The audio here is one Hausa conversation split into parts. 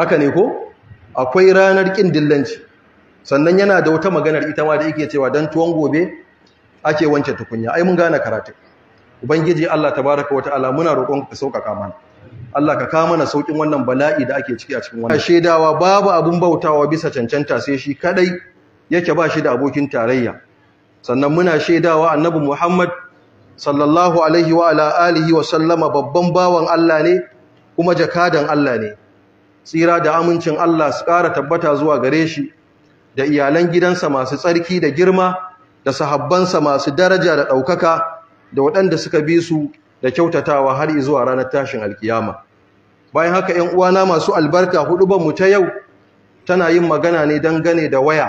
haka ne ko akwai ranar kin dillanci sannan yana da wata maganar ita ma da yake cewa dan tuwon gobe ake wancan tukunya ai mun gane karatu ubangiji Allah tabaraka wa ta'ala muna roƙon ka sauƙaƙa mana Allah ka kawo mana saukin wannan bala'i da ake ciki a cikin wannan shedawa babu abun bautawa bisa cancanta sai shi kadai yake ba shi da abokin tarayya sannan muna shedawa annabi Muhammad sallallahu alaihi wa ala alihi wa sallama babban bawan Allah ne kuma jakadan Allah ne tsira da amincin Allah su ƙara tabbata zuwa gare shi da iyalan gidansa masu tsarki da girma da sahabbansa masu daraja da ɗaukaka da waɗanda suka bi su da kyautatawa har zuwa ranar tashin alkiyama bayan haka ‘yan uwana masu albarka hudu ban mu ta yau tana yin magana ne gane da waya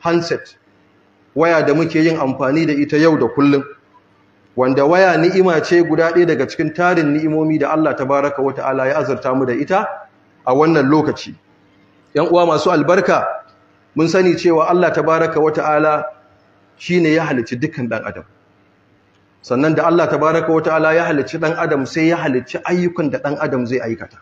handset waya da muke yin amfani da ita yau da kullum wanda waya ni'ima ce guda ɗaya daga cikin tarin ni'imomi da Allah Ta baraka wata ala ya azurta mu da ita a wannan lokaci yan uwa masu albarka mun sani cewa Allah tabaraka wata'ala ne ya halicci dukkan ɗan adam sannan da Allah tabaraka wata'ala ya halicci ɗan adam sai ya halicci ayyukan da ɗan adam zai aikata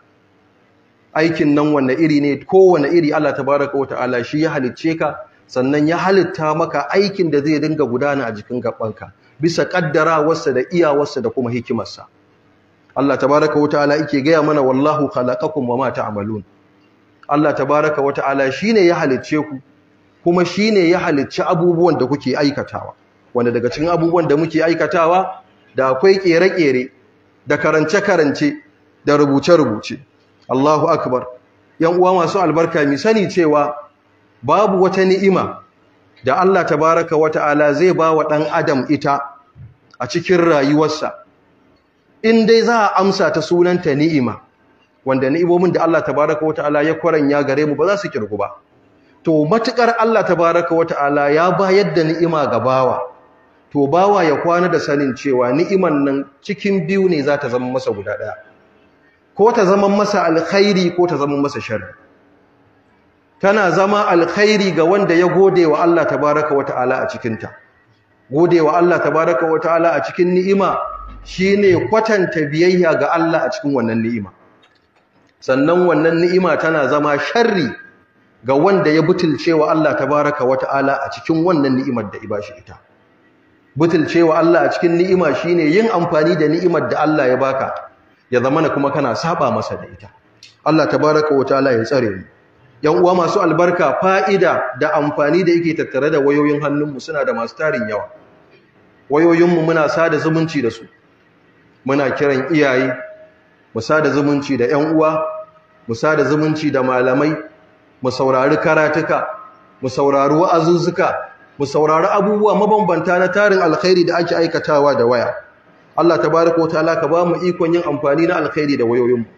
aikin nan wanne iri ne kowanne iri Allah tabaraka wata'ala shi ya halicce ka sannan ya halitta maka aikin da zai dinga gudana a jikin gabanka bisa ƙaddara kaddarawarsa da iyawarsa da kuma hikimarsa Allah tabaraka wata ala yake gaya mana wallahu khalaqakum wama ta'malun Allah tabaraka wata'ala shi shine ya halicce ku kuma shine ya halicci abubuwan da kuke aikatawa wanda daga cikin abubuwan da muke aikatawa da akwai ƙere kere da karance-karance da rubuce-rubuce Allahu akbar yan uwa masu albarka mi sani cewa babu wata ni'ima da Allah tabaraka wata'ala ala zai ba wa dan adam ita a cikin rayuwarsa in dai za a amsa ta sunanta ni'ima wanda ni'imomin da Allah tabaraka wata'ala ya kwaranya gare mu ba za su kirgu ba to matukar Allah tabaraka wata'ala ya bayar da ni'ima ga bawa to bawa ya kwana da sanin cewa ni'iman nan cikin biyu ne za ta zama masa guda ɗaya ko ta zama masa alkhairi ko ta zama masa sharri tana zama alkhairi ga wanda ya gode wa Allah tabaraka wata'ala a cikinta gode wa Allah tabaraka wata'ala a cikin ni'ima shine kwatanta biyayya ga Allah a cikin wannan ni'ima sannan wannan ni'ima tana zama sharri ga wanda ya butulcewa Allah tabaraka wata'ala a cikin wannan ni'imar da ibashi ita butulcewa Allah a cikin ni'ima shine yin amfani da ni'imar da Allah ya baka ya zama zamana kuma kana saba masa da ita Allah tabaraka wata'ala ya tsare mu yan uwa masu albarka fa'ida da amfani da yake tattare da wayoyin hannunmu suna da masu tarin yawa wayoyinmu muna sada zumunci da su muna kiran iyaye mu sada zumunci da ƴan uwa mu sada zumunci da malamai mu saurari karatuka mu saurari wa'azuzzuka mu saurari abubuwa mabambanta na tarin alkhairi da ake aikatawa da waya Allah tabaraka wa ta'ala ka ba mu ikon yin amfani na alkhairi da wayoyin mu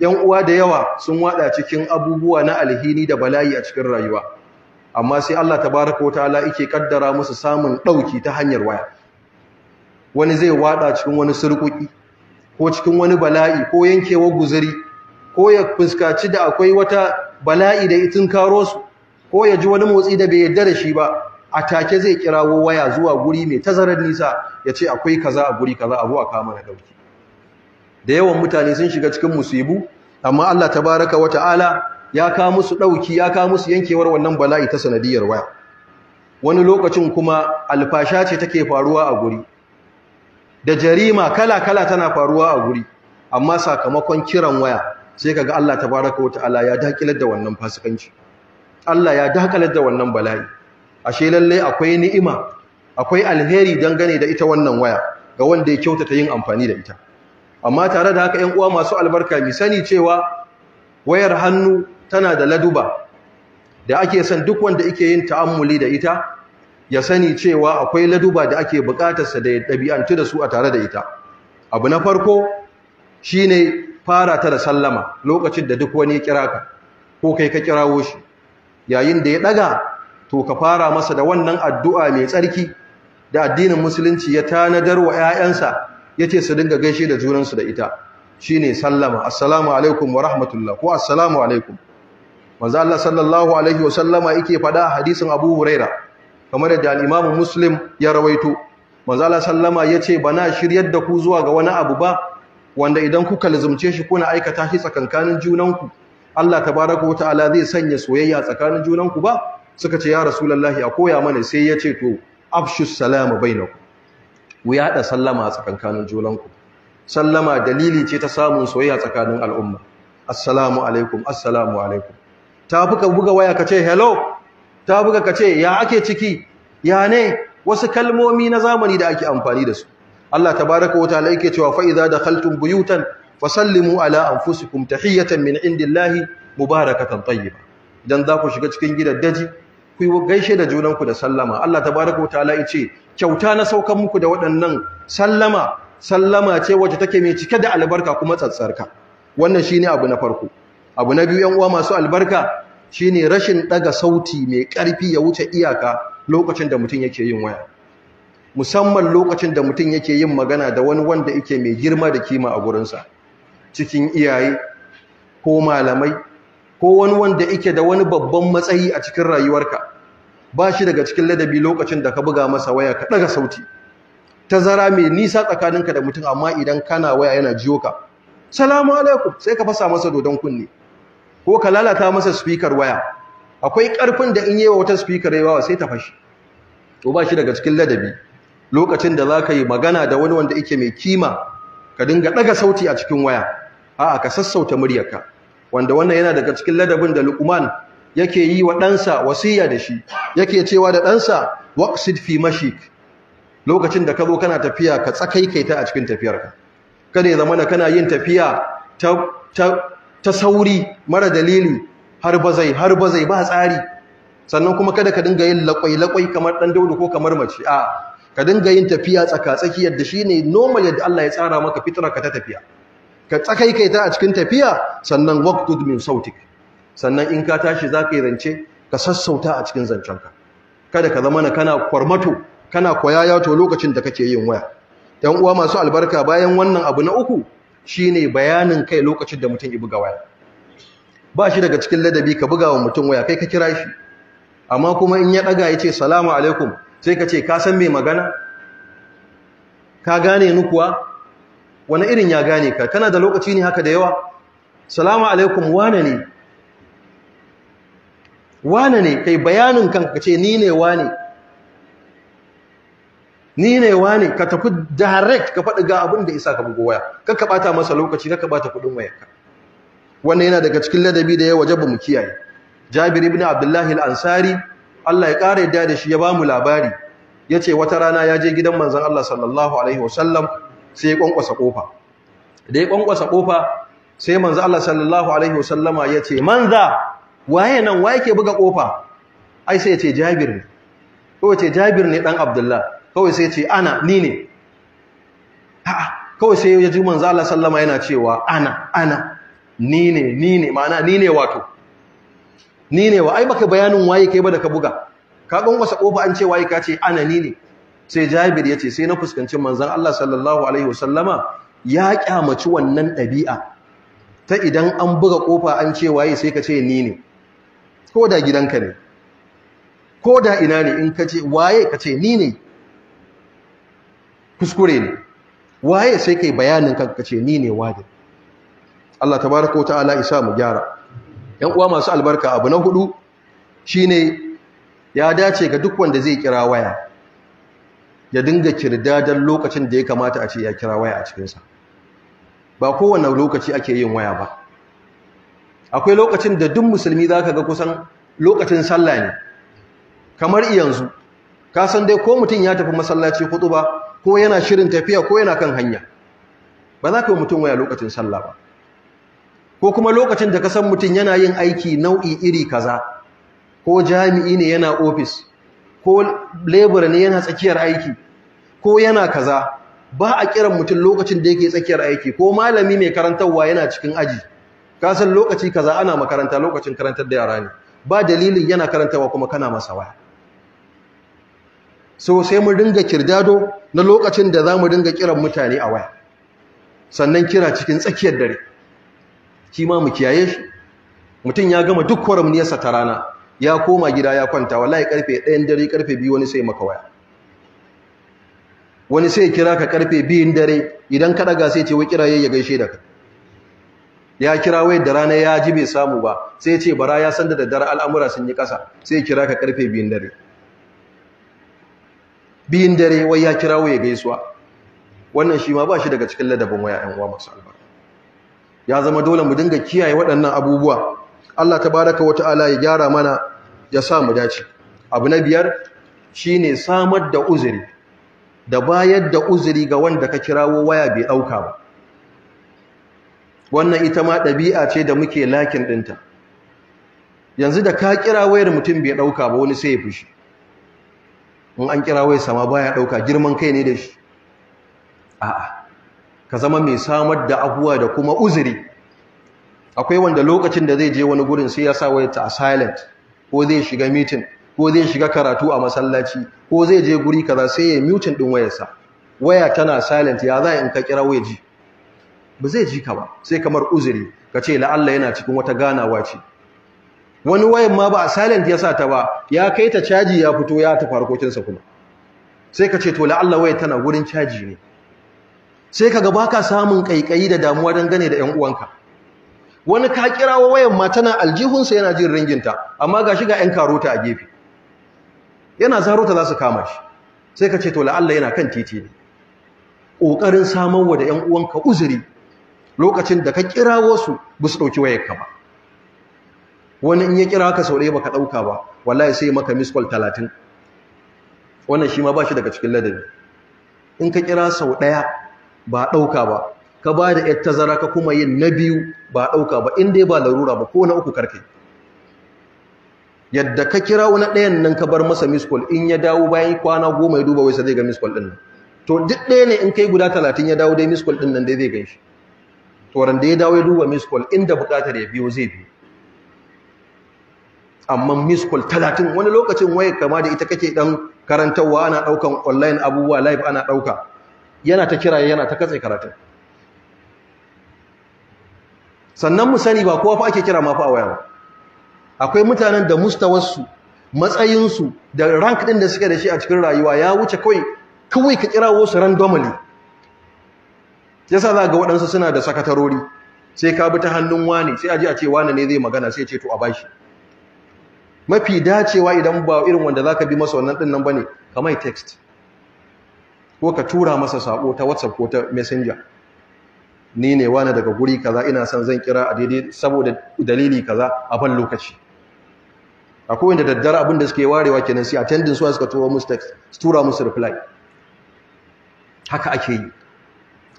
ƴan uwa da yawa sun wada cikin abubuwa na alhini da bala'i a cikin rayuwa amma sai Allah tabaraka wa ta'ala yake kaddara musu samun dauki ta hanyar waya wani zai wada cikin wani surkuki ko cikin wani bala'i ko yankewa guzuri ko ya fuskaci da akwai wata bala'i da itin karo su ko ya ji wani motsi da bai yadda da shi ba a take zai kirawo waya zuwa guri mai tazarar nisa ya ce akwai kaza a guri kaza abu a kama na dauki da yawan mutane sun shiga cikin musibu amma Allah tabaraka wa ta'ala ya ka musu dauki ya ka musu yankewar wannan bala'i ta sanadiyar waya wani lokacin kuma alfasha ce take faruwa a guri da jarima kala-kala tana faruwa a guri amma sakamakon kiran waya sai kaga Allah tabaraka wa ta'ala ya dakilar da wannan fasikanci Allah ya dakilar da wannan bala'i ashe lalle akwai ni'ima akwai alheri dangane da ita wannan waya ga wanda ya kyautata yin amfani da ita amma tare da haka 'yan uwa masu albarka mi sani cewa wayar hannu tana da laduba da ake son duk wanda yake yin ta'ammuli da ita ya sani cewa akwai laduba da ake sa da ya ɗabi'antu da su a tare da ita abu na farko shine fara ta da sallama lokacin da duk wani ya kira ka ko kai ka kirawo shi yayin da ya ɗaga to ka fara masa da wannan addu'a mai tsarki da addinin musulunci ya tanadar wa 'ya'yansa ya ce su dinga gaishe da junansu da ita shine sallama assalamu alaikum wa rahmatullah ko assalamu alaikum manzo Allah sallallahu alaihi wa sallama yake faɗa hadisin Abu Huraira kamar da al Muslim ya rawaito manzo ya ya ce bana shiryar da ku zuwa ga wani abu ba wanda idan kuka lazumce shi kuna aikata shi tsakankanin junanku Allah ta baraka wata ala zai sanya soyayya tsakanin junanku ba suka ce ya lallahi a koya mana sai ya ce to afshus salama na ku da sallama tsakankanin junanku sallama dalili ce ta samun soyayya tsakanin al'umma assalamu alaikum assalamu alaikum ta fuka buga waya ka ce hello ta buga ka ce ya ake ciki ya ne wasu kalmomi na zamani da ake amfani da su Allah tabaraka wa ta'ala yake cewa fa'iza da dakhaltum buyutan fasallimu ala ta tahiyatan min indillahi mubarakatan tayyiba idan za ku shiga cikin gidan daji, ku yi gaishe da junanku da sallama Allah Ta baraka wata yace kyauta na saukan muku da waɗannan sallama sallama ce wacce take mai cike da albarka kuma tsatsarka wannan shi ne abu na farko abu na biyu yan uwa masu albarka shine rashin daga sauti mai karfi ya wuce iyaka lokacin da mutum yake yin waya musamman lokacin da mutum yake yin magana da wani wanda yake mai girma da kima a gurinsa cikin iyaye ko malamai ko wani wanda yake da wani babban matsayi a cikin rayuwarka Bashi daga cikin ladabi lokacin da ka buga masa waya ka daga sauti tazara mai nisa tsakaninka da mutum amma idan kana waya yana jiyo ka salamu alaikum sai ka fasa masa dodon kunne ko ka lalata masa speaker waya akwai karfin da in yewa wata speaker yawa sai ta fashi to ba shi daga cikin ladabi lokacin da zaka yi magana da wani wanda yake mai kima ka dinga daga sauti a cikin waya a'a ka sassauta muryarka wanda wannan yana daga cikin ladabin da Luqman yake yi wa ɗansa wasiya da shi yake cewa da ɗansa waqsid fi mashik lokacin da ka zo kana tafiya ka tsakaikaita a cikin tafiyarka kada ya zamana kana yin tafiya ta ta sauri mara dalili har zai har zai ba tsari sannan kuma kada ka dinga yin lakwai lakwai kamar dan daudu ko kamar mace a ka dinga yin tafiya tsaka tsaki yadda shine normal yadda Allah ya tsara maka fitra ka ta tafiya ka tsakai kai ta a cikin tafiya sannan waqtud min sautik sannan in ka tashi zaka yi rance ka sassauta a cikin zancanka kada ka zama na kana kwarmato kana kwayayato lokacin da kake yin waya Dan uwa masu albarka bayan wannan abu na uku shine bayanin kai lokacin da mutum ya buga waya ba shi daga cikin ladabi ka buga wa mutum waya kai ka kira shi amma kuma in ya daga ya ce salamu alaikum sai ka ce ka san mai magana ka gane ni kuwa wani irin ya gane ka kana da lokaci ne haka da yawa salamu alaikum wane ne wane ne kai bayanin kanka ce ni ne wane ni ne wani ka tafi direct ka faɗi ga abin da isa ka bugu waya ka ka bata masa lokaci kar ka bata kuɗin wayarka wanda yana daga cikin ladabi da ya waje ba mu kiyaye Jabir ibn Abdullahi al-Ansari Allah ya ƙara yadda da shi ya bamu labari ya ce wata rana ya je gidan manzan Allah sallallahu alaihi wasallam sai ya ƙwanƙwasa ƙofa. da ya ƙwanƙwasa ƙofa sai manzan Allah sallallahu alaihi wasallama ce manza waye nan waye ke buga ƙofa? ai sai ce Jabir ne ko ce Jabir ne dan abdullahi kawai sai ce ana ni ne a'a kawai sai ya ji manzo Allah sallama yana cewa ana ana ni ne ni ne ma'ana ni ne wato ni ne wa ai baka bayanin waye kai ba da ka buga ka gan wasa kofa an ce waye ka ce ana ni ne sai Jabir yace sai na fuskanci manzan Allah sallallahu alaihi wasallama ya kyamaci wannan ɗabi'a ta idan an buga kofa an ce waye sai ka ce ni ne ko da gidanka ne ko da ina ne in ka ce waye ka ce ni ne kuskure ne waye sai kai bayanin kanka ce ni ne wajib Allah tabaraka ta'ala isa mu gyara yan uwa masu albarka abu na hudu shine ya dace ga duk wanda zai kira waya ya dinga kirdadan lokacin da ya kamata a ce ya kira waya a cikinsa ba kowane lokaci ake yin waya ba akwai lokacin da duk musulmi za ka ga kusan lokacin sallah ne kamar yanzu ka san dai ko mutum ya tafi masallaci hudu ba ko yana shirin tafiya ko yana kan hanya ba za ka yi mutum waya lokacin sallah ba ko kuma lokacin da ka san mutum yana yin aiki nau'i iri kaza ko jami'i ne yana ofis ko labor ne yana tsakiyar aiki ko yana kaza ba a kiran mutum lokacin da yake tsakiyar aiki ko malami mai karantarwa yana cikin aji ka san lokaci kaza ana makaranta lokacin karantar da yara ne ba dalilin yana karantarwa kuma kana masa waya so sai mu ringa kirdado na lokacin da za mu ringa kiran mutane a waya sannan kira cikin tsakiyar dare shi ma mu kiyaye shi mutum ya gama duk kwaramniyarsa ta rana ya koma gida ya kwanta wallahi karfe 1 dare karfe 2 wani sai maka waya wani sai kira ka karfe 2 dare idan ka daga sai ce wai kira yayi ya gaishe da ka ya kira wai da rana ya ji bai samu ba sai ce bara ya san da daddare al'amura sun yi kasa sai kira ka karfe 2 dare Biyin dare wai ya kirawo ya gaisuwa wannan shi ma ba shi daga cikin ladabin waya ɗan uwa masu albarka ya zama dole mu dinga kiyaye waɗannan abubuwa Allah ta baraka wa ta'ala ya gyara mana ya sa mu dace abu na biyar shine samar da uzuri da bayar da uzuri ga wanda ka kirawo waya bai ɗauka ba wannan ita ma ɗabi'a ce da muke lakin ɗinta yanzu da ka kira wayar mutum bai ɗauka ba wani sai ya fushi in an kira wai sama baya dauka girman kai ne da shi a'a ka zama mai samar da abuwa da kuma uzuri akwai wanda lokacin da zai je wani gurin sai ya sa waya ta silent ko zai shiga meeting ko zai shiga karatu a masallaci ko zai je guri kaza sai ya mutin din wayarsa waya tana silent ya za in ka kira waya ji ba zai ji ka ba sai kamar uzuri ka ce la'alla yana cikin wata ganawa ce wani wayan ma ba a silent ya sa ta ba ya kai ta caji ya fito ya ta harkokinsa kuma sai ka ce to la'alla waya tana wurin caji ne sai ka gaba ka samun ƙaiƙayi da damuwa gane da 'yan uwanka wani ka kirawo wayan ma tana aljihunsa yana jin ringinta amma ga shi ga 'yan karota a gefe yana zarota za su kama shi sai ka ce to la'alla yana kan titi ne ƙoƙarin samarwa da 'yan uwanka uzuri lokacin da ka kira wasu ba su ɗauki wayarka ba wani in ya kira ka sau ɗaya baka ɗauka ba wallahi sai maka miskwal talatin wannan shi ma ba daga cikin ladabi in ka kira sau ɗaya ba ɗauka ba ka ba da ‘yar tazara ka kuma yin na biyu ba ɗauka ba inda ba larura ba ko na uku karkai yadda ka kira wani ɗayan nan ka bar masa miskwal in ya dawo bayan kwana goma ya duba wai zai ga ɗin nan to duk ɗaya ne in kai guda talatin ya dawo dai miskwal ɗin nan dai zai gan shi to da ya dawo ya duba miskwal, inda buƙatar ya biyo zai biyo amma miskul talatin wani lokacin waye kama da ita kake dan karantarwa ana daukan online abubuwa live ana dauka yana ta kira yana ta katse karatun sannan mu sani ba kowa fa ake kira ma fa waya ba akwai mutanen da mustawarsu matsayinsu da rank din da suke da shi a cikin rayuwa ya wuce kawai kawai ka kirawo su randomly yasa za ga waɗansu suna da sakatarori sai ka bi ta hannun wani sai a ji a ce wani ne zai magana sai ce to a bashi mafi dacewa idan ba irin wanda zaka bi masa wannan din nan bane kamar text ko ka tura masa sako ta WhatsApp ko ta Messenger ni ne wani daga guri kaza ina son zan kira a daidai saboda dalili kaza a ban lokaci akwai wanda daddare abin da suke warewa kenan sai attendin su suka tura musu text su tura musu reply haka ake yi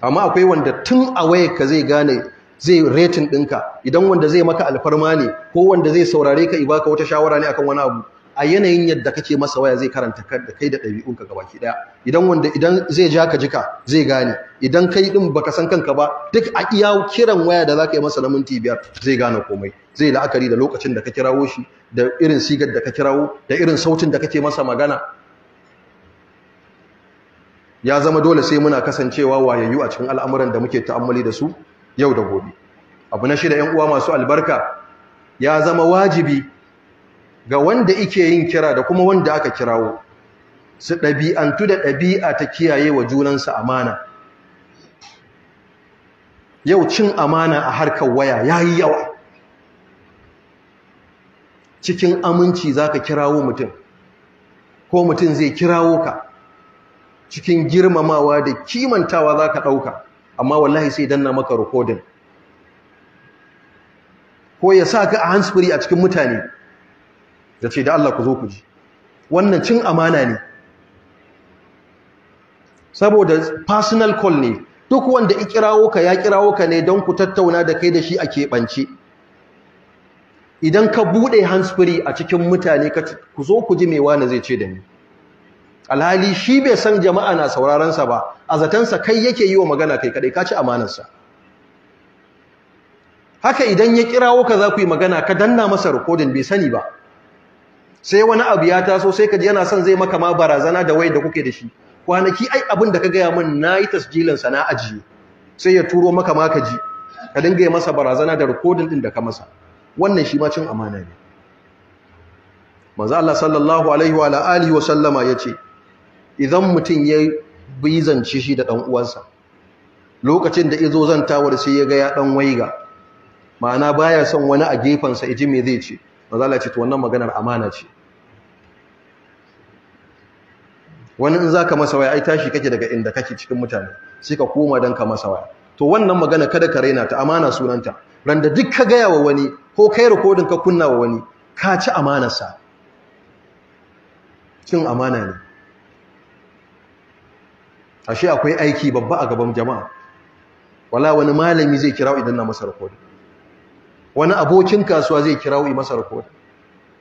amma akwai wanda tun a wayar ka zai gane zai retin ɗinka idan wanda zai maka alfarma ne ko wanda zai saurare ka ibaka wata shawara ne akan wani abu a yanayin yadda kake masa waya zai karanta da kai da ɗabi'unka gabaki ɗaya idan wanda idan zai ja ka jika zai gane idan kai din baka san kanka ba duk a iya kiran waya da za ka yi masa na minti biyar zai gane komai zai la'akari da lokacin da ka kirawo shi da irin sigar da ka kirawo da irin sautin da kake masa magana ya zama dole sai muna kasancewa wayayyu a cikin al'amuran da muke ta'ammali da su yau da gobe abu na shida yan uwa masu albarka ya zama wajibi ga wanda ike yin kira da kuma wanda aka kirawo su ɗabi'antu da ɗabi'a ta kiyaye wa junansa amana yau cin amana a harkar waya ya yi yawa cikin aminci za ka kirawo mutum ko mutum zai kirawo ka cikin girmamawa da kimantawa za ka ɗauka amma wallahi sai danna maka recording ko ya sa ka a hands free a cikin mutane da ce da Allah ku zo ku ji wannan cin amana ne saboda personal call ne duk wanda ya kirawo ka ya kirawo ka ne don ku tattauna da kai da shi a keɓance idan ka buɗe hands free a cikin mutane ku zo ku ji me wani zai ce da ni alhali shi bai san jama'a na saurarensa ba a zaton sa kai yake yi wa magana kai kadai ka ci amanarsa haka idan ya kirawo ka za ku yi magana ka danna masa rikodin bai sani ba sai wani abu ya taso sai ka ji yana son zai maka ma barazana da wai da kuke da shi kwanaki ai abin da ka gaya min na yi tasjilin na ajiye sai ya turo maka ma ka ji ka dinga yi masa barazana da rikodin din da ka masa wannan shi ma cin amana ne manzo Allah sallallahu alaihi wa alihi wa sallama idan mutum ya bi zance shi da ɗan'uwansa, lokacin da izo zantawar sai ya ga ya ɗan waiga ma'ana baya son wani a gefansa iji me zai ce mazala ce to wannan maganar amana ce wani in za ka masa waya ai tashi kake daga inda kake cikin mutane sai ka koma don ka masa waya to wannan magana kada ka raina ta amana sunanta randa duk ka gaya wa wani ko kai rikodin ka kunna wa wani ka ci amanarsa cin amana ne ashe akwai aiki babba a gaban jama'a wala wani malami zai kirawo idan na masa rikodi wani abokin kasuwa zai kirawo i masa rikodi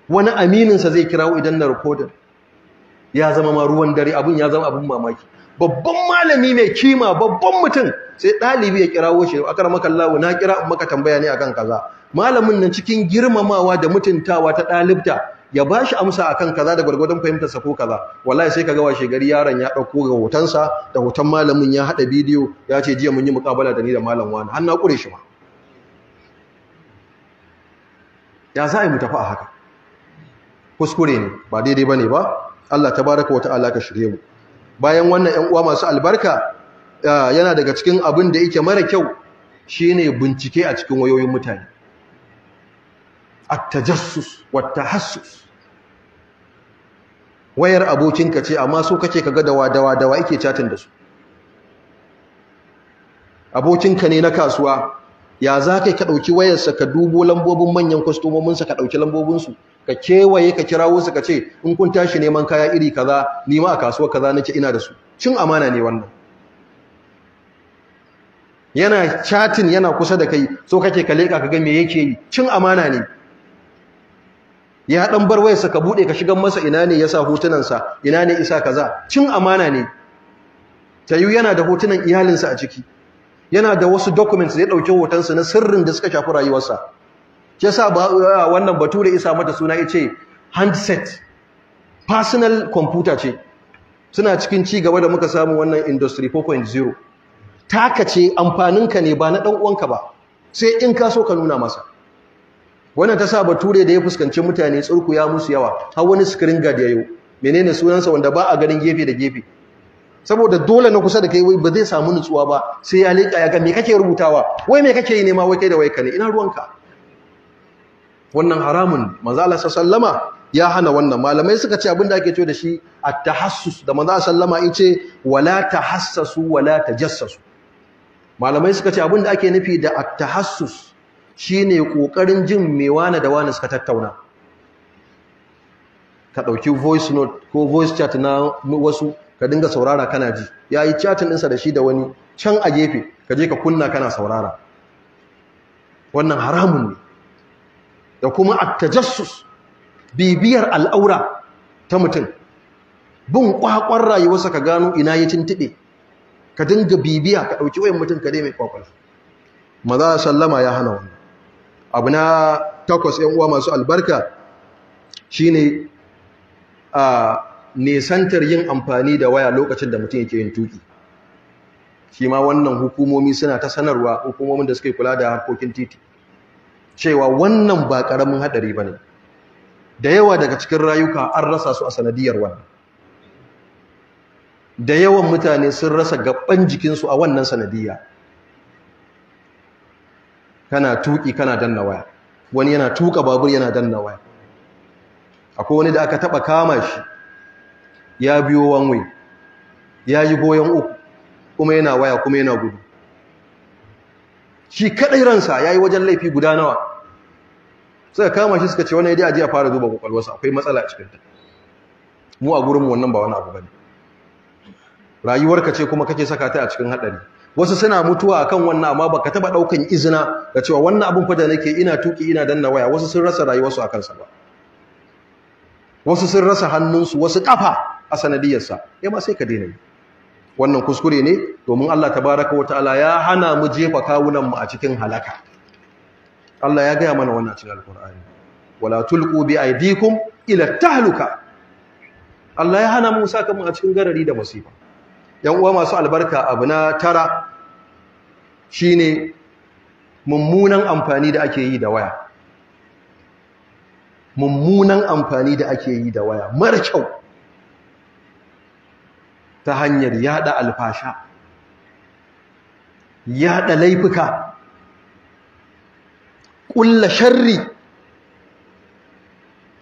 wani amininsa zai kirawo idan na rikodin ya zama ma ruwan dare abin ya zama abin mamaki babban malami mai kima babban mutum sai ɗalibi ya kirawo shi a kar maka lawo na kira maka tambaya ne akan kaza malamin nan cikin girmamawa da mutuntawa ta ɗalibta ya ba shi amsa a kan kaza da gwargwadon fahimtar sa ko kaza wallahi sai kaga washe gari yaron ya dauko ga hotonsa da hoton malamin ya hada bidiyo ya ce jiya mun yi mukabala da ni da malam wani har na kure shi ma ya za mu tafi a haka kuskure ne ba daidai bane ba Allah tabaraka wa ta'ala ka shirye mu bayan wannan ƴan uwa masu albarka yana daga cikin abin da yake mara kyau shine bincike a cikin wayoyin mutane attajassus tajassus tahassus wayar abokinka ce amma so kake kaga dawa dawa dawa yake chatin da su abokinka ne na kasuwa ya za kai ka ɗauki wayarsa ka dubo lambobin manyan kwastomominsa ka ɗauki su ka kewaye ka kirawo su ka ce in kun tashi neman kaya iri kaza ni ma a kasuwa kaza nake ina da su cin amana ne wannan yana chatin yana kusa da kai so kake ka leka ka ga me yake yi cin amana ne ya ɗan bar wayarsa ka bude ka shigan masa ina ne yasa hotunansa ina ne isa kaza cin amana ne tayu yana da hotunan iyalinsa a ciki yana da wasu documents da ya dauki na sirrin da suka shafi rayuwarsa yasa wannan bature isa mata suna yace handset personal computer ce suna cikin ci gaba da muka samu wannan industry 4.0 taka ce amfaninka ne ba na dan uwanka ba sai in ka so ka nuna masa wannan ta sa bature da ya fuskanci mutane tsurku ya musu yawa har wani screen guard mene menene sunansa wanda ba a ganin gefe da gefe saboda dole na kusa da kai wai ba zai samu nutsuwa ba sai ya leka ya ga me kake rubutawa wai me kake yi nema wai kai da wai ka ne? ina ruwanka wannan haramun manzo Allah sallama ya hana wannan malamai suka ce abinda ake cewa da shi at-tahassus da manzo sallama yace wala tahassasu wala tajassasu malamai suka ce abinda ake nufi da at-tahassus Shi ne ƙoƙarin jin me wane da wani suka tattauna ka ɗauki voice note ko voice chat na wasu ka dinga saurara kana ji ya yi chatin ɗinsa da shi da wani can a gefe ka je ka kunna kana saurara wannan haramun ne da kuma a tajassus bibiyar al'aura ta mutum bin ƙwaƙwan rayuwarsa ka gano ina ya tuntube ka dinga bibiya ka ɗauki wayan mutum ka ne mai ƙwaƙon maza sallama ya hana wannan abu na takwas yan uwa masu albarka shi ne, a nesantar yin amfani da waya lokacin da mutum yake yin tuki shi ma wannan hukumomi suna ta sanarwa hukumomin da suke kula da harkokin titi cewa wannan ba karamin hadari ne. da yawa daga cikin rayuka an rasa su a sanadiyar wannan da yawan mutane sun rasa gaban jikinsu a wannan sanadiyya kana tuki kana danna waya wani yana tuka babur yana danna waya akwai wani da aka taba kama shi ya biyo wanwe ya yi goyon uku kuma yana waya kuma yana gudu shi kadai ransa ya yi wajen laifi guda nawa suka kama shi suka ce wani ya a fara duba kwakwalwarsa akwai matsala a ta. mu a mu wannan ba wani abu ba ne rayuwarka ce kuma kake saka ta a cikin haɗari wasu suna mutuwa akan wannan amma baka taba daukan izina da cewa wannan abin fada nake ina tuki ina danna waya wasu sun rasa rayuwarsu akan sa ba wasu sun rasa hannunsu wasu kafa a sanadiyarsa ya ma sai ka daina yi wannan kuskure ne domin Allah tabaraka wa ta'ala ya hana mu jefa kawunan mu a cikin halaka Allah ya gaya mana wannan cikin alkur'ani wala tulqu bi aydikum ila tahluka Allah ya hana mu saka mu a cikin garari da masifa yan uwa masu albarka abu na tara shine mummunan amfani da ake yi da waya mummunan amfani da ake yi da waya mara kyau ta hanyar yada alfasha yada laifuka ƙulla sharri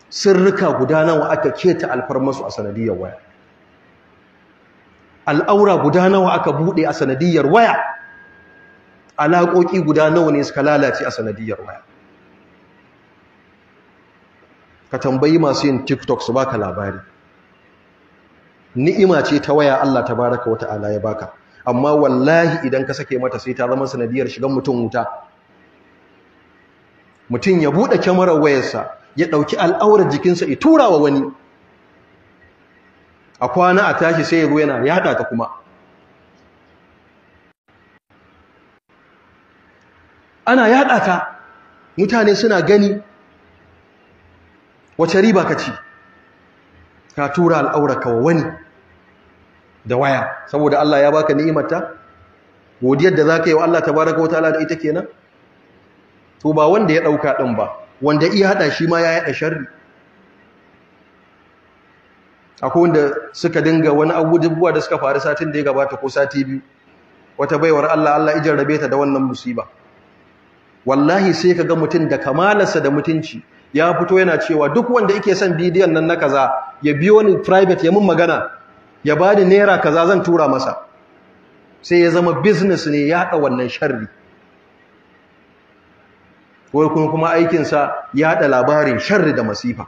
sirrika guda nawa aka keta alfarmasu a sanadiyar waya al'aura guda nawa aka buɗe a sanadiyar waya alaƙoƙi guda nawa ne suka lalace a sanadiyar waya ka tambayi masu yin tiktok su baka labari ni'ima ce ta waya Allah ta baraka wata ala ya baka amma wallahi idan ka sake mata sai ta zama sanadiyar shigan mutum wuta mutum ya buɗe kyamarar wayarsa ya ɗauki al'aurar jikinsa ya tura wa wani a kwana a tashi sai ya zo yana yada ta kuma ana yada ta mutane suna gani wace riba ka ci ka tura al'auraka wa wani da waya saboda Allah ya baka ni'imarta godiyar da zaka yi wa Allah tabaraka wata ala da ita kenan to ba wanda ya ɗauka din ba wanda iya haɗa shi ma ya yada sharri akwai wanda suka dinga wani abubuwa da suka faru satin da ya gabata ko sati biyu wata baiwar Allah Allah ijin rabe ta da wannan musiba wallahi sai ka ga mutum da kamalarsa da mutunci ya fito yana cewa duk wanda yake son bidiyon nan na kaza ya biyo ni private ya mun magana ya bani naira kaza zan tura masa sai ya zama business ne ya haɗa wannan sharri ko kuma aikinsa ya haɗa labarin sharri da masifa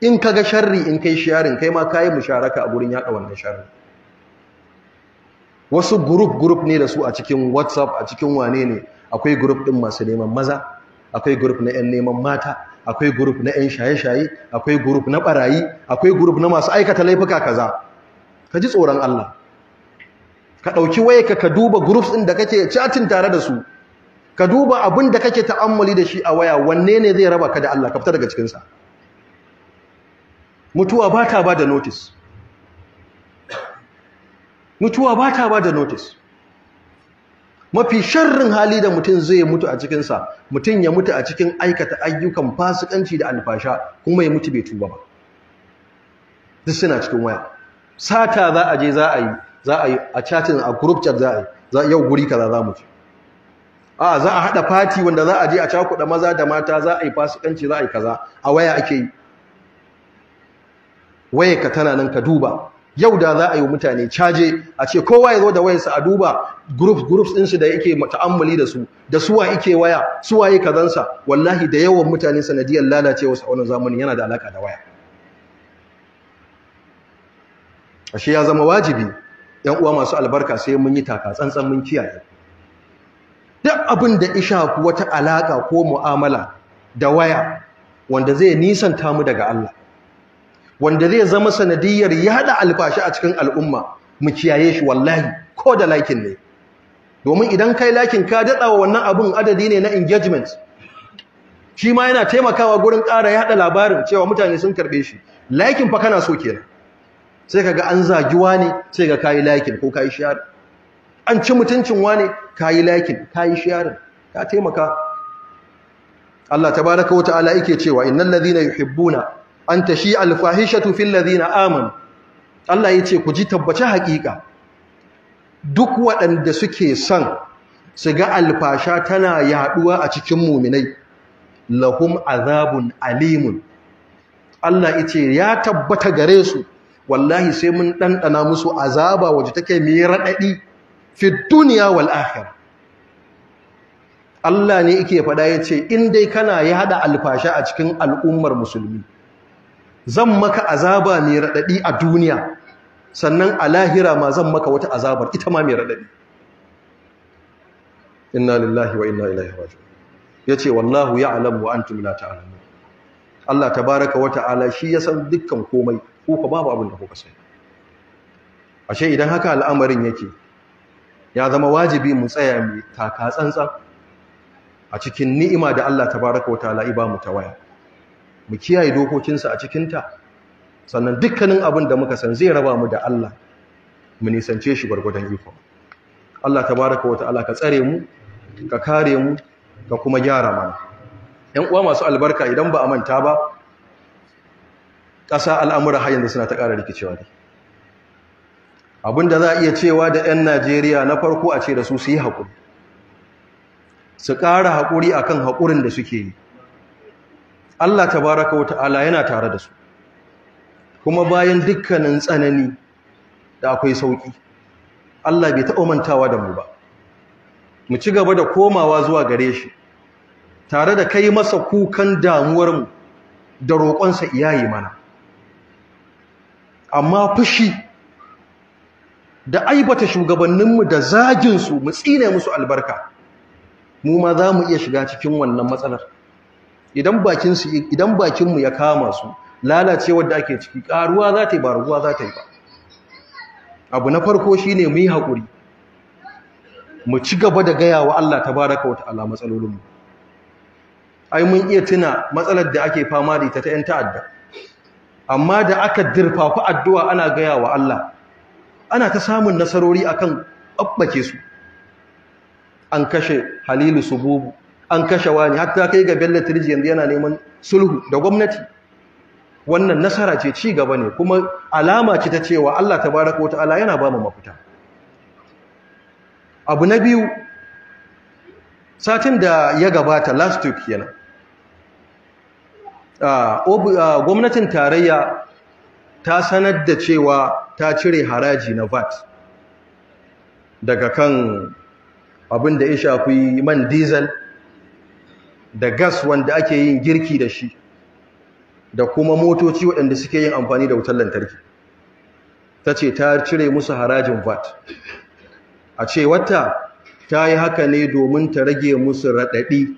in ka ga sharri in kai shiyarin kai ma kayi musharaka a gurin yada wannan sharri wasu group group ne da su a cikin WhatsApp a cikin wane ne akwai group ɗin masu neman maza akwai group na 'yan neman mata akwai group na 'yan shaye-shaye akwai group na barayi akwai group na masu aikata laifuka kaza ka ji tsoron Allah ka ɗauki wayarka ka duba groups ɗin da kake chatting tare da su ka duba abin da kake ta'ammali da shi a waya wanne ne zai raba ka da Allah ka fita daga cikinsa mutuwa ba ta ba da notice mutuwa ba ta ba da notice mafi sharrin hali da mutum zai mutu a cikinsa mutum ya mutu a cikin aikata ayyukan fasikanci da alfasha kuma ya mutu bai tuba ba duk suna cikin waya sata za a je za a yi za a yi a chatin a group chat za a yi yau guri kaza za mu ci a za a hada party wanda za a je a cakuɗa maza da mata za a yi fasikanci za a yi kaza a waya ake yi ka tana nan ka duba yau da za a yi mutane caje a ce kowa ya zo da wayansa a duba groups groups din su da yake ta'ammuli da su da suwa yake waya suwa yake kazansa wallahi da yawan mutane sanadiyar lalacewa a wannan zamani yana da alaka da waya ashe ya zama wajibi yan uwa masu albarka sai mun yi taka tsantsan mun kiyaye duk abin da isha ku wata alaka ko mu'amala da waya wanda zai nisanta mu daga Allah wanda zai zama sanadiyar ya haɗa alfashi a cikin al'umma mu kiyaye shi wallahi ko da lakin ne domin idan kai lakin ka daɗa wa wannan abin adadi ne na engagement shi ma yana taimakawa gurin ƙara yaɗa labarin cewa mutane sun karɓe shi lakin fa kana so ke sai kaga an zagiwa ne sai ga kayi lakin ko kayi shayar an ci mutuncin wane kayi lakin kayi shayar ka taimaka Allah tabaraka wa ta'ala yake cewa innal ladhina yuhibbuna an shi alfahishatu fil ladina aman. Allah ce ku ji tabbaci haƙiƙa duk waɗanda suke son su ga alfasha tana yaɗuwa a cikin muminai lahum azabun alimun Allah ce ya tabbata gare su wallahi sai mun ɗanɗana musu azaba waje take mai raɗaɗi fi duniya wal akhirah Allah ne yake faɗa yace in dai kana yaɗa alfasha a cikin al'ummar musulmi zan maka azaba mai raɗaɗi a duniya sannan a lahira ma zan maka wata azabar ita ma mai raɗaɗi inna lillahi wa inna ilaihi raji'un yace wallahu ya'lamu wa antum la ta'lamun Allah baraka wa ta'ala shi ya san dukkan komai ko ka babu abin da ka sani ashe idan haka al'amarin yake ya zama wajibi mu tsaya mai taka tsantsan a cikin ni'ima da Allah tabaraka wa ta'ala iba mu tawaya mu kiyaye dokokinsa a cikinta sannan dukkanin abin da muka san zai raba mu da Allah mu nisance shi gwargwadon iko Allah tabaraka wa ta'ala ka tsare mu ka kare mu ka kuma gyara mana ɗan uwa masu albarka idan ba a manta ba ƙasa al'amura har yanzu suna ta ƙara rikicewa ne da za a iya cewa da 'yan Najeriya na farko a ce da su su yi haƙuri su ƙara haƙuri a kan haƙurin da suke yi Allah tabaraka wata ta'ala yana tare da su kuma bayan dukkanin tsanani da akwai sauƙi, Allah bai taɓa mantawa da mu ba mu ci gaba da komawa zuwa gare shi tare da kai masa kukan damuwar mu da roƙonsa iyayi mana amma fushi da aibata shugabanninmu da zaginsu mu tsine musu albarka mu ma za mu iya shiga cikin wannan matsalar idan bakinmu ya kama su lalace wadda ake ciki karuwa za ta yi ba ruwa za ta yi ba abu na farko shine mu yi haƙuri. mu ci gaba da gaya wa Allah tabaraka baraka wata ala mu ai mun iya tuna matsalar da ake fama da ita ta yan ta'adda amma da aka dirfafa addu'a ana gaya wa Allah ana ta samun nasarori akan abbake su an kashe Halilu Sububu an kashe wani hatta kai ga bello tirji yanzu yana neman sulhu da gwamnati wannan nasara ce ci gaba ne kuma alama ce ta cewa Allah tabaraka wa ta'ala yana ba mu mafita abu na biyu satin da ya gabata last week yana gwamnatin tarayya ta sanar da cewa ta cire haraji na VAT daga kan abin da ya shafi man diesel da gas wanda ake yin girki da shi da kuma motoci waɗanda suke yin amfani da wutar lantarki ta ce ta cire musu harajin vat a ce wata ta yi haka ne domin ta rage musu raɗaɗi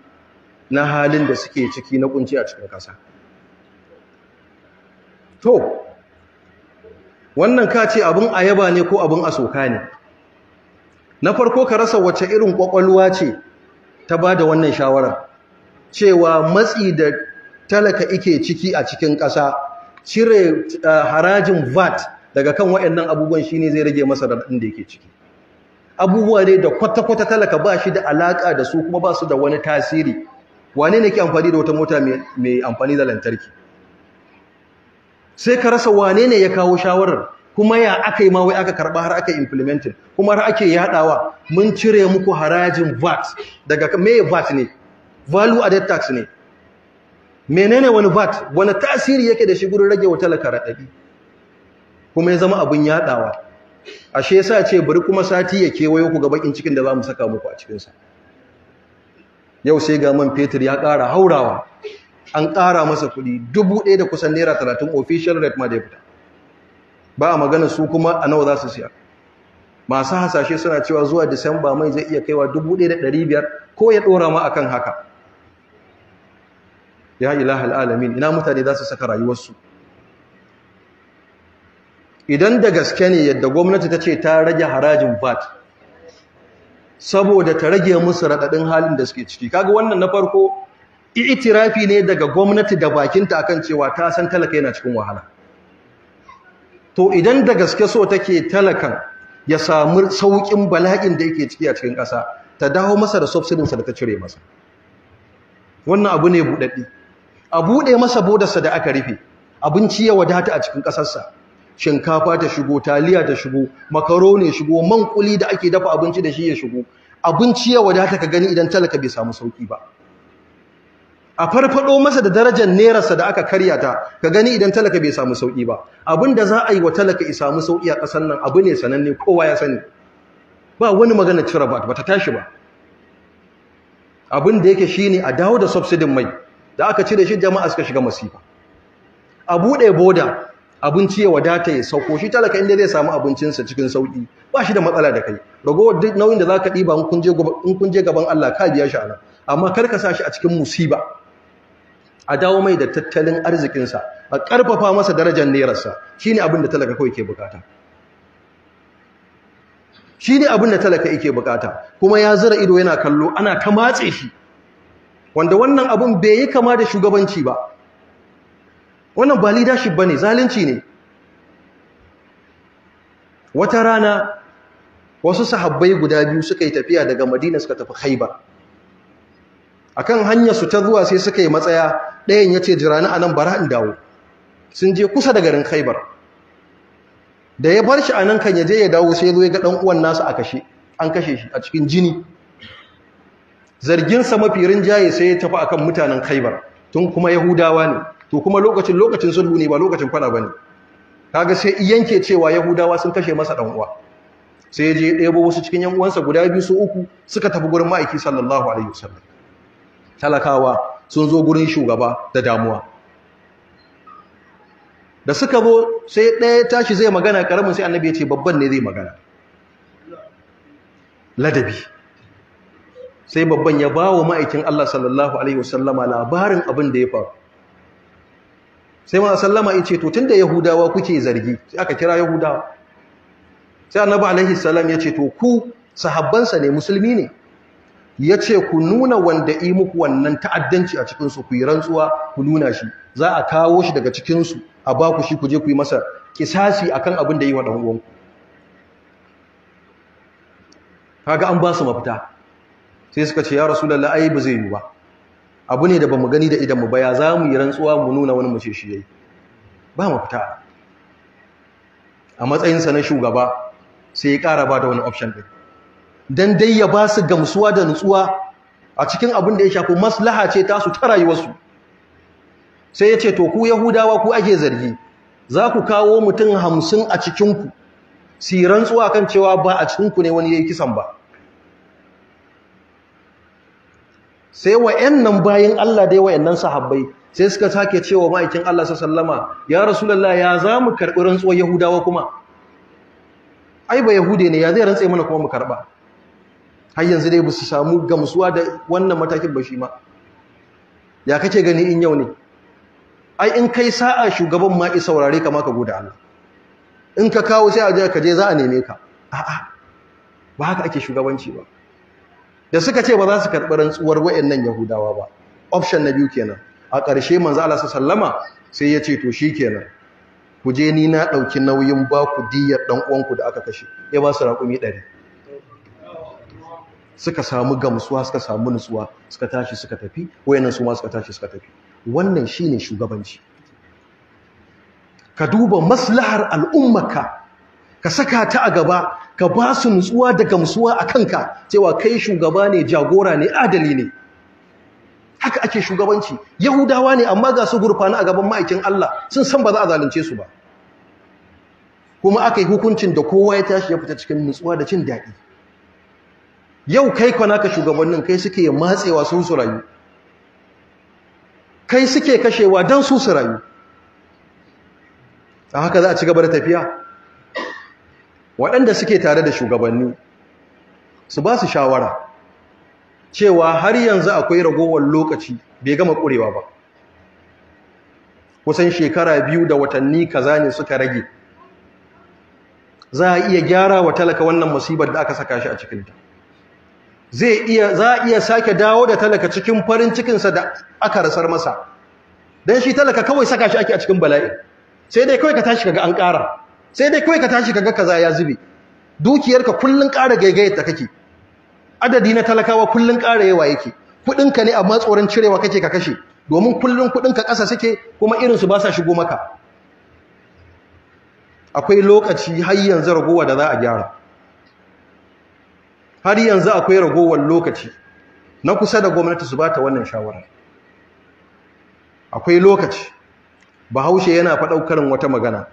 na halin da suke ciki na ƙunci a cikin ƙasa to wannan ka ce abin ayaba ne ko abin asoka ne na farko ka rasa wace irin ƙwaƙwalwa ce ta ba da wannan shawarar cewa matsi da talaka ike ciki a cikin ƙasa cire eh, harajin VAT daga kan waɗannan abubuwan shine zai rage masa raɗin da yake ciki abubuwa ne da kwata-kwata talaka ba shi da alaƙa da su kuma ba su da wani tasiri wane ne ke amfani da wata mota mai amfani da lantarki sai ka rasa wane ne ya kawo shawarar kuma ya aka yi mawai aka karɓa har aka Implementin. kuma har ake yaɗawa mun cire muku harajin VAT daga mai VAT ne value added tax ne menene wani vat wani tasiri yake da shi gurin rage wa talaka raɗaɗi kuma ya zama abin yaɗawa ashe sa ce bari kuma sati ya kewayo ku ga bakin cikin da za mu saka muku a cikinsa yau sai ga man fetur ya ƙara haurawa an ƙara masa kuɗi dubu ɗaya da kusan naira talatin official rate ma da ya fita ba a magana su kuma a nawa za su siya masu hasashe suna cewa zuwa disamba mai zai iya kaiwa dubu ɗaya da ɗari biyar ko ya ɗora ma akan haka ya ilahal alamin ina mutane za su saka rayuwarsu idan da gaske ne yadda gwamnati ta ce ta rage harajin VAT saboda ta rage musu raɗaɗin halin da suke ciki kaga wannan na farko itirafi ne daga gwamnati da bakinta akan cewa ta san talaka yana cikin wahala to idan da gaske so take talakan ya samu saukin bala'in da yake ciki a cikin ƙasa ta dawo masa da subsidin sa da ta cire masa wannan abu ne buɗaɗi. a buɗe masa bodarsa da aka rufe abinci ya wadata a cikin ƙasarsa shinkafa ta shigo taliya ta shigo makaroni ya shigo man kuli da ake dafa abinci da shi ya shigo abinci ya wadata ka gani idan talaka bai samu sauki ba a farfado masa da darajar nerarsa da aka karya ta ka gani idan talaka bai samu sauki ba abin da za a yi wa talaka ya samu sauki a ƙasar nan abu ne sananne kowa ya sani ba wani magana cire ba ta tashi ba abin da yake shine a dawo da subsidin mai da aka cire shi jama'a suka shiga masifa a bude boda abinci ya wadata ya sauko shi talaka inda zai samu abincinsa cikin sauki ba shi da matsala da kai ragowar duk nauyin da za ka ɗiba in kun je gaban Allah ka biya shi ana amma kar ka sa shi a cikin musiba a dawo mai da tattalin arzikinsa a ƙarfafa masa darajar nerarsa shi ne abin da talaka kawai ke bukata shi ne abin da talaka yake bukata kuma ya zira ido yana kallo ana ta matse shi wanda wannan abun bai yi kama da shugabanci ba wannan ba leadership ne, zalunci ne wata rana wasu sahabbai guda biyu suka yi tafiya daga Madina suka tafi haiba. A kan hanyar su ta zuwa sai suka yi matsaya ɗayan ce jirani a anan bara in dawo sun je kusa da garin haibar. da ya bar shi a nan kan ya je ya dawo sai ya zo ya ga dan uwan a an kashe shi a cikin jini zarginsa mafi rinjaye sai ya tafi akan mutanen khaibar tun kuma yahudawa ne to kuma lokacin lokacin sulhu ne ba lokacin fada bane kaga sai yanke cewa yahudawa sun kashe masa dan uwa sai ya je ɗebo wasu cikin yan uwansa guda biyu su uku suka tafi gurin ma'aiki sallallahu alaihi wasallam talakawa sun zo gurin shugaba da damuwa da suka zo sai ɗaya ya tashi zai magana karamin sai annabi ya ce babban ne zai magana ladabi sai babban ya ba wa ma'aikin Allah sallallahu alaihi wasallama labarin abin da ya faru sai ma’a sallama ya ce to da yahudawa kuke zargi sai aka kira yahudawa sai annabi alaihi salam ya ce to ku sahabbansa ne musulmi ne ya ce ku nuna wanda yi muku wannan ta'addanci a cikinsu ku yi rantsuwa ku nuna shi za a kawo shi daga cikinsu a ba ku shi ku je ku yi masa kisasi kan abin da yi wa ɗan'uwanku kaga an ba su mafita sai suka ce ya rasulullah ai ba zai yi ba abu ne da bamu gani da idan mu ba ya zamu yi rantsuwa mu nuna wani mace shi yayi ba mu fita a matsayinsa na shugaba sai ya ƙara ba da wani option ɗin don dai ya ba su gamsuwa da nutsuwa a cikin abin da ya shafi maslaha ce ta su ta rayuwarsu sai ya ce to ku yahudawa ku ake zargi za ku kawo mutum hamsin a cikinku su yi rantsuwa kan cewa ba a cikinku ne wani ya yi kisan ba sai nan bayan Allah dai nan sahabbai sai suka sake cewa ma'aikin Allah sallama ya rasulullah ya za mu karɓi rantsuwar yahudawa kuma ai ba yahude ne ya zai rantsa mana kuma mu karɓa har yanzu dai ba su samu gamsuwa da wannan matakin ba shi ma ya kake gani in yau ne ai in kai sa'a shugaban ma isa saurare kama ka gode Allah in ka kawo sai a je za a neme ka a'a ba haka ake shugabanci ba da suka ce ba za su karɓi rantsuwar wayannan yahudawa ba option na biyu kenan a ƙarshe manzo Allah sallama sai ya ce to kenan. ku je ni na ɗauki nauyin ba ku diyar ɗan uwanku da aka kashe ya ba su raƙumi ɗari suka samu gamsuwa suka samu nutsuwa suka tashi suka tafi wayannan su ma suka tashi suka tafi wannan shine shugabanci ka duba maslahar al'ummaka ka saka ta a gaba ka ba su nutsuwa da gamsuwa a kanka cewa kai shugaba ne jagora ne adali ne haka ake shugabanci yahudawa ne amma ga su gurfana a gaban ma'aikin Allah sun san ba za a zalunce su ba kuma aka yi hukuncin da kowa ya tashi ya fita cikin nutsuwa da cin daɗi yau kai kwana ka shugabannin kai suke matsewa sun su rayu kai suke kashewa don su su rayu a haka za a ci gaba da tafiya waɗanda suke tare da shugabanni su ba su shawara cewa har yanzu akwai ragowar lokaci bai gama ƙurewa ba kusan shekara biyu da watanni kaza ne suka rage za a iya gyara wa talaka wannan musibar da aka saka shi a cikinta za a iya sake dawo da talaka cikin farin cikinsa da aka rasar masa don shi talaka kawai saka shi ake a cikin bala'i sai dai kawai ka tashi kaga an ƙara sai dai kawai ka tashi ka ga kaza ya zube dukiyarka kullun ƙara gaigayar ta kake adadi na talakawa kullun ƙara yawa yake kuɗinka ne amma tsoron cirewa kake ka kashe domin kullun kuɗinka ƙasa suke kuma irinsu ba sa shigo maka akwai lokaci har yanzu ragowa da za a gyara har yanzu akwai ragowar lokaci na kusa da gwamnati su ba ta wannan shawarar akwai lokaci bahaushe yana faɗaukar wata magana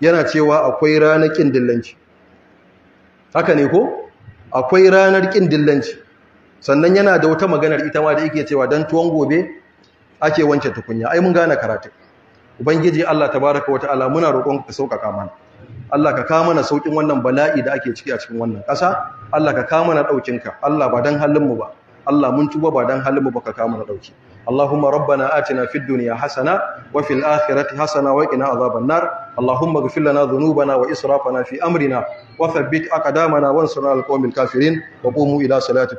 yana cewa akwai ranar ƙin dillanci haka ne ko akwai ranar ƙin dillanci sannan yana da wata maganar ita ma da yake cewa dan tuwon gobe ake wancan tukunya ai mun gane karatu ubangiji Allah tabaraka wataala muna roƙon ka sauƙaƙa mana Allah ka kama mana sauƙin wannan bala'i da ake ciki a cikin wannan ƙasa Allah ka kama mana ɗaukinka Allah ba dan halinmu mu ba Allah mun tuba ba dan halinmu ba ka kama na ɗauki اللهم ربنا آتنا في الدنيا حسنة وفي الآخرة حسنة وقنا عذاب النار اللهم اغفر لنا ذنوبنا وإسرافنا في أمرنا وثبت أقدامنا وانصرنا على القوم الكافرين وقوموا إلى صلاتكم